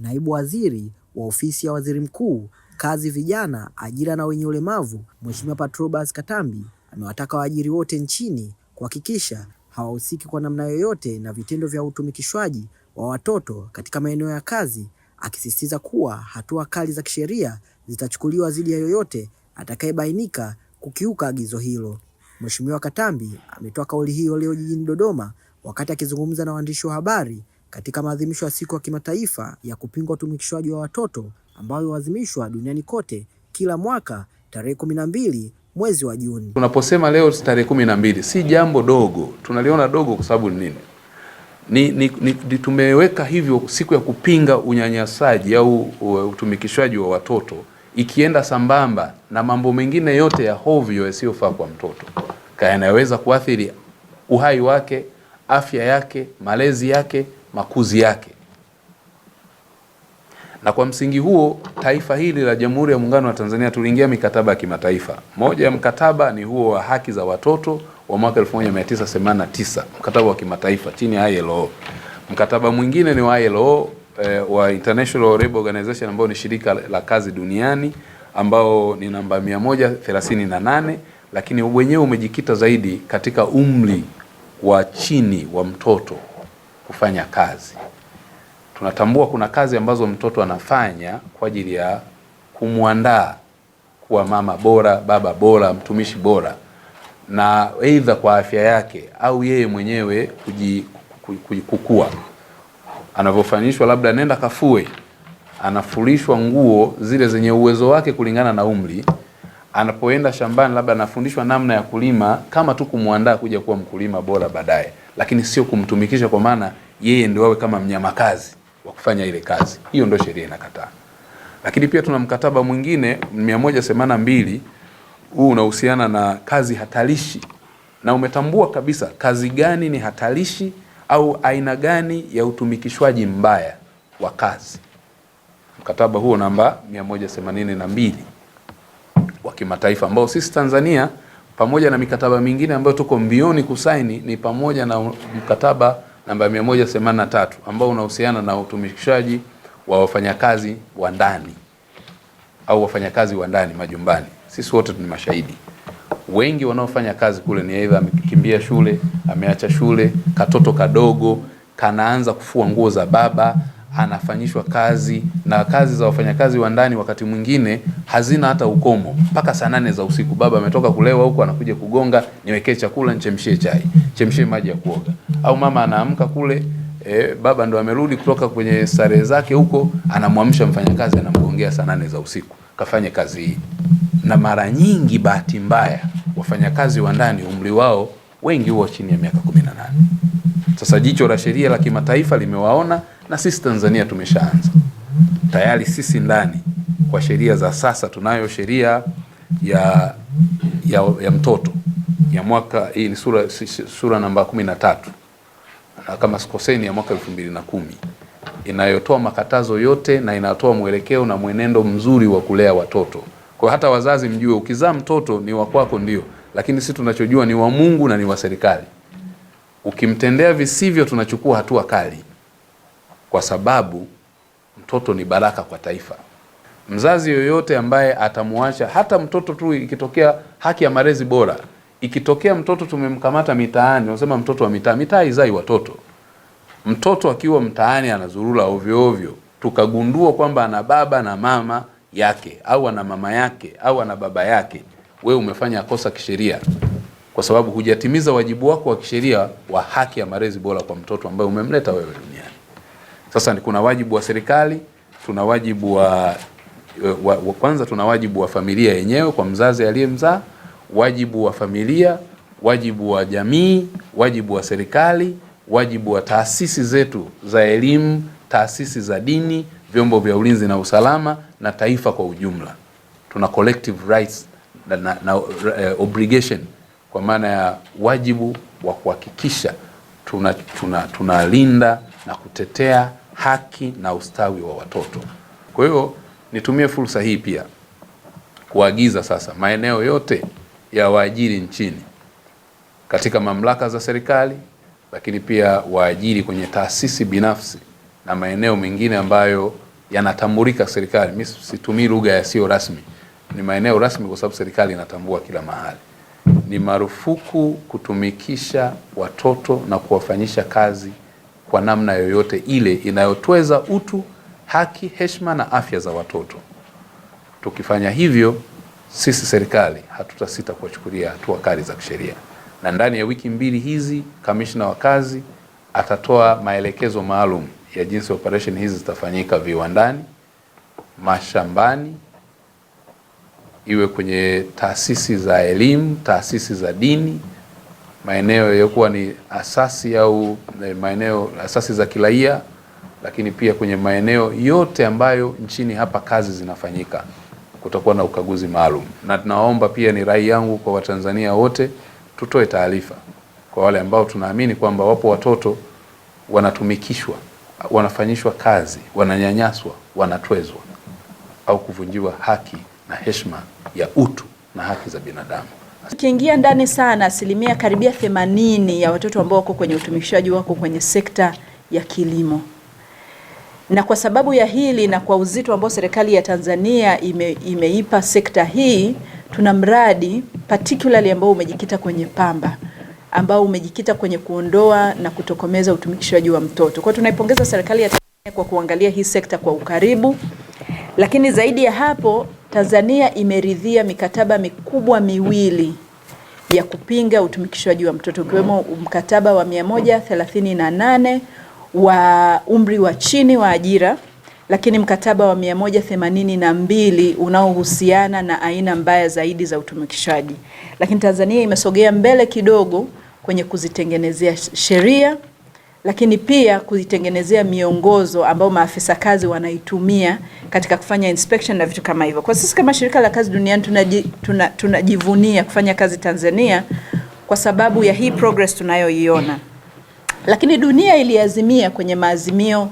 Naibu Waziri wa Ofisi ya Waziri Mkuu, Kazi, Vijana, Ajira na Wenye Ulemavu, Mheshimiwa Patrobas Katambi amewataka waajiri wote nchini kuhakikisha hawahusiki kwa namna yoyote na vitendo vya utumikishwaji wa watoto katika maeneo ya kazi, akisisitiza kuwa hatua kali za kisheria zitachukuliwa dhidi ya yoyote atakayebainika kukiuka agizo hilo. Mheshimiwa Katambi ametoa kauli hiyo leo jijini Dodoma wakati akizungumza na waandishi wa habari katika maadhimisho ya siku ya kimataifa ya kupinga utumikishwaji wa watoto ambayo huadhimishwa duniani kote kila mwaka tarehe kumi na mbili mwezi wa Juni. Tunaposema leo tarehe kumi na mbili si jambo dogo, tunaliona dogo kwa sababu nini? Ni, ni, ni, tumeweka hivyo siku ya kupinga unyanyasaji au utumikishwaji wa watoto ikienda sambamba na mambo mengine yote ya hovyo yasiyofaa kwa mtoto yanayoweza kuathiri uhai wake, afya yake, malezi yake makuzi yake, na kwa msingi huo taifa hili la Jamhuri ya Muungano wa Tanzania tuliingia mikataba ya kimataifa. Moja ya mkataba ni huo wa haki za watoto wa mwaka 1989 mkataba wa kimataifa chini ya ILO. Mkataba mwingine ni wa ILO eh, wa International Labour Organization ambao ni shirika la kazi duniani ambao ni namba 138 lakini wenyewe umejikita zaidi katika umri wa chini wa mtoto kufanya kazi. Tunatambua kuna kazi ambazo mtoto anafanya kwa ajili ya kumwandaa kuwa mama bora, baba bora, mtumishi bora, na aidha kwa afya yake au yeye mwenyewe kukua anavyofanishwa, labda nenda kafue, anafurishwa nguo zile zenye uwezo wake kulingana na umri. Anapoenda shambani, labda anafundishwa namna ya kulima, kama tu kumwandaa kuja kuwa mkulima bora baadaye lakini sio kumtumikisha kwa maana yeye ndio awe kama mnyamakazi wa kufanya ile kazi. Hiyo ndio sheria inakataa. Lakini pia tuna mkataba mwingine 182 huu unahusiana na kazi hatarishi na umetambua kabisa kazi gani ni hatarishi au aina gani ya utumikishwaji mbaya wa kazi. Mkataba huo namba 182 wa kimataifa ambao sisi Tanzania pamoja na mikataba mingine ambayo tuko mbioni kusaini ni pamoja na mkataba namba 183 ambao unahusiana na utumishaji wa wafanyakazi wa ndani au wafanyakazi wa ndani majumbani. Sisi wote ni mashahidi, wengi wanaofanya kazi kule ni aidha amekimbia shule, ameacha shule, katoto kadogo kanaanza kufua nguo za baba anafanyishwa kazi na kazi za wafanyakazi wa ndani wakati mwingine hazina hata ukomo mpaka saa nane za usiku. Baba ametoka kulewa huko, anakuja kugonga, niwekee chakula, nichemshie chai, chemshie maji ya kuoga. Au mama anaamka kule e, baba ndo amerudi kutoka kwenye starehe zake huko, anamwamsha mfanyakazi, anamgongea saa nane za usiku, kafanye kazi hii. Na mara nyingi, bahati mbaya, wafanyakazi wa ndani umri wao wengi huwa chini ya miaka 18. Sasa jicho la sheria la kimataifa limewaona na sisi Tanzania tumeshaanza tayari. Sisi ndani kwa sheria za sasa tunayo sheria ya, ya, ya mtoto ya mwaka hii ni sura, sura namba kumi na tatu kama sikoseni ya mwaka elfu mbili na kumi inayotoa makatazo yote na inatoa mwelekeo na mwenendo mzuri wa kulea watoto. Kwa hata wazazi mjue, ukizaa mtoto ni wa kwako ndio, lakini sisi tunachojua ni wa Mungu na ni wa serikali. Ukimtendea visivyo, tunachukua hatua kali kwa sababu mtoto ni baraka kwa taifa. Mzazi yoyote ambaye atamwacha hata mtoto tu, ikitokea haki ya malezi bora, ikitokea mtoto tumemkamata mitaani, unasema mtoto wa mitaa, mitaa izai watoto. Mtoto akiwa mtaani anazurula ovyo ovyo, tukagundua kwamba ana baba na mama yake au ana mama yake au ana baba yake, we umefanya kosa kisheria, kwa sababu hujatimiza wajibu wako wa kisheria wa haki ya malezi bora kwa mtoto ambaye umemleta wewe. Sasa kuna wajibu wa serikali, tuna wajibu wa, eh, wa, wa kwanza tuna wajibu wa familia yenyewe kwa mzazi aliyemzaa, wajibu wa familia, wajibu wa jamii, wajibu wa serikali, wajibu wa taasisi zetu za elimu, taasisi za dini, vyombo vya ulinzi na usalama na taifa kwa ujumla. Tuna collective rights na, na, na uh, obligation kwa maana ya wajibu wa kuhakikisha tunalinda tuna, tuna na kutetea haki na ustawi wa watoto. Kwa hiyo nitumie fursa hii pia kuagiza sasa maeneo yote ya waajiri nchini katika mamlaka za serikali, lakini pia waajiri kwenye taasisi binafsi na maeneo mengine ambayo yanatambulika serikali. Mimi situmii lugha yasiyo rasmi, ni maeneo rasmi kwa sababu serikali inatambua kila mahali. Ni marufuku kutumikisha watoto na kuwafanyisha kazi kwa namna yoyote ile inayotweza utu, haki, heshima na afya za watoto. Tukifanya hivyo, sisi serikali hatutasita kuwachukulia hatua kali za kisheria, na ndani ya wiki mbili hizi kamishna wa kazi atatoa maelekezo maalum ya jinsi operesheni hizi zitafanyika viwandani, mashambani, iwe kwenye taasisi za elimu, taasisi za dini maeneo yaliyokuwa ni asasi au eh, maeneo asasi za kiraia, lakini pia kwenye maeneo yote ambayo nchini hapa kazi zinafanyika kutakuwa na ukaguzi maalum, na tunaomba pia, ni rai yangu kwa Watanzania wote tutoe taarifa kwa wale ambao tunaamini kwamba wapo watoto wanatumikishwa, wanafanyishwa kazi, wananyanyaswa, wanatwezwa au kuvunjiwa haki na heshima ya utu na haki za binadamu tukiingia ndani sana, asilimia karibia themanini ya watoto ambao wako kwenye utumikishaji wako kwenye sekta ya kilimo, na kwa sababu ya hili na kwa uzito ambao serikali ya Tanzania ime, imeipa sekta hii, tuna mradi particularly ambao umejikita kwenye pamba ambao umejikita kwenye kuondoa na kutokomeza utumikishaji wa mtoto. Kwa tunaipongeza serikali ya Tanzania kwa kuangalia hii sekta kwa ukaribu, lakini zaidi ya hapo Tanzania imeridhia mikataba mikubwa miwili ya kupinga utumikishwaji wa mtoto ukiwemo mkataba wa 138 wa umri wa chini wa ajira, lakini mkataba wa 182 unaohusiana na aina mbaya zaidi za utumikishwaji. Lakini Tanzania imesogea mbele kidogo kwenye kuzitengenezea sheria lakini pia kuzitengenezea miongozo ambayo maafisa kazi wanaitumia katika kufanya inspection na vitu kama hivyo. Kwa sisi kama shirika la kazi duniani tunajivunia tuna, tuna kufanya kazi Tanzania kwa sababu ya hii progress tunayoiona, lakini dunia iliazimia kwenye maazimio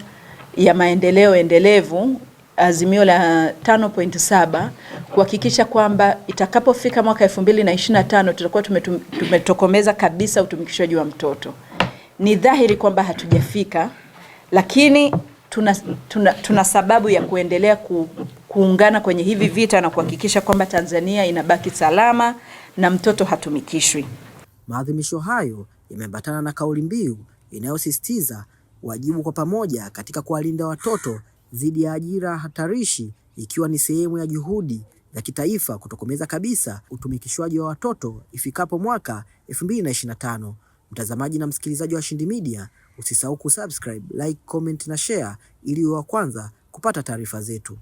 ya maendeleo endelevu azimio la 5.7 kuhakikisha kwamba itakapofika mwaka 2025 tutakuwa tumetokomeza kabisa utumikishaji wa mtoto ni dhahiri kwamba hatujafika, lakini tuna, tuna, tuna sababu ya kuendelea ku, kuungana kwenye hivi vita na kuhakikisha kwamba Tanzania inabaki salama na mtoto hatumikishwi. Maadhimisho hayo yameambatana na kauli mbiu inayosisitiza wajibu kwa pamoja katika kuwalinda watoto dhidi ya ajira hatarishi, ikiwa ni sehemu ya juhudi za kitaifa kutokomeza kabisa utumikishwaji wa watoto ifikapo mwaka 2025. Mtazamaji na msikilizaji wa Washindi Media, usisahau kusubscribe, like, comment na share ili wa kwanza kupata taarifa zetu.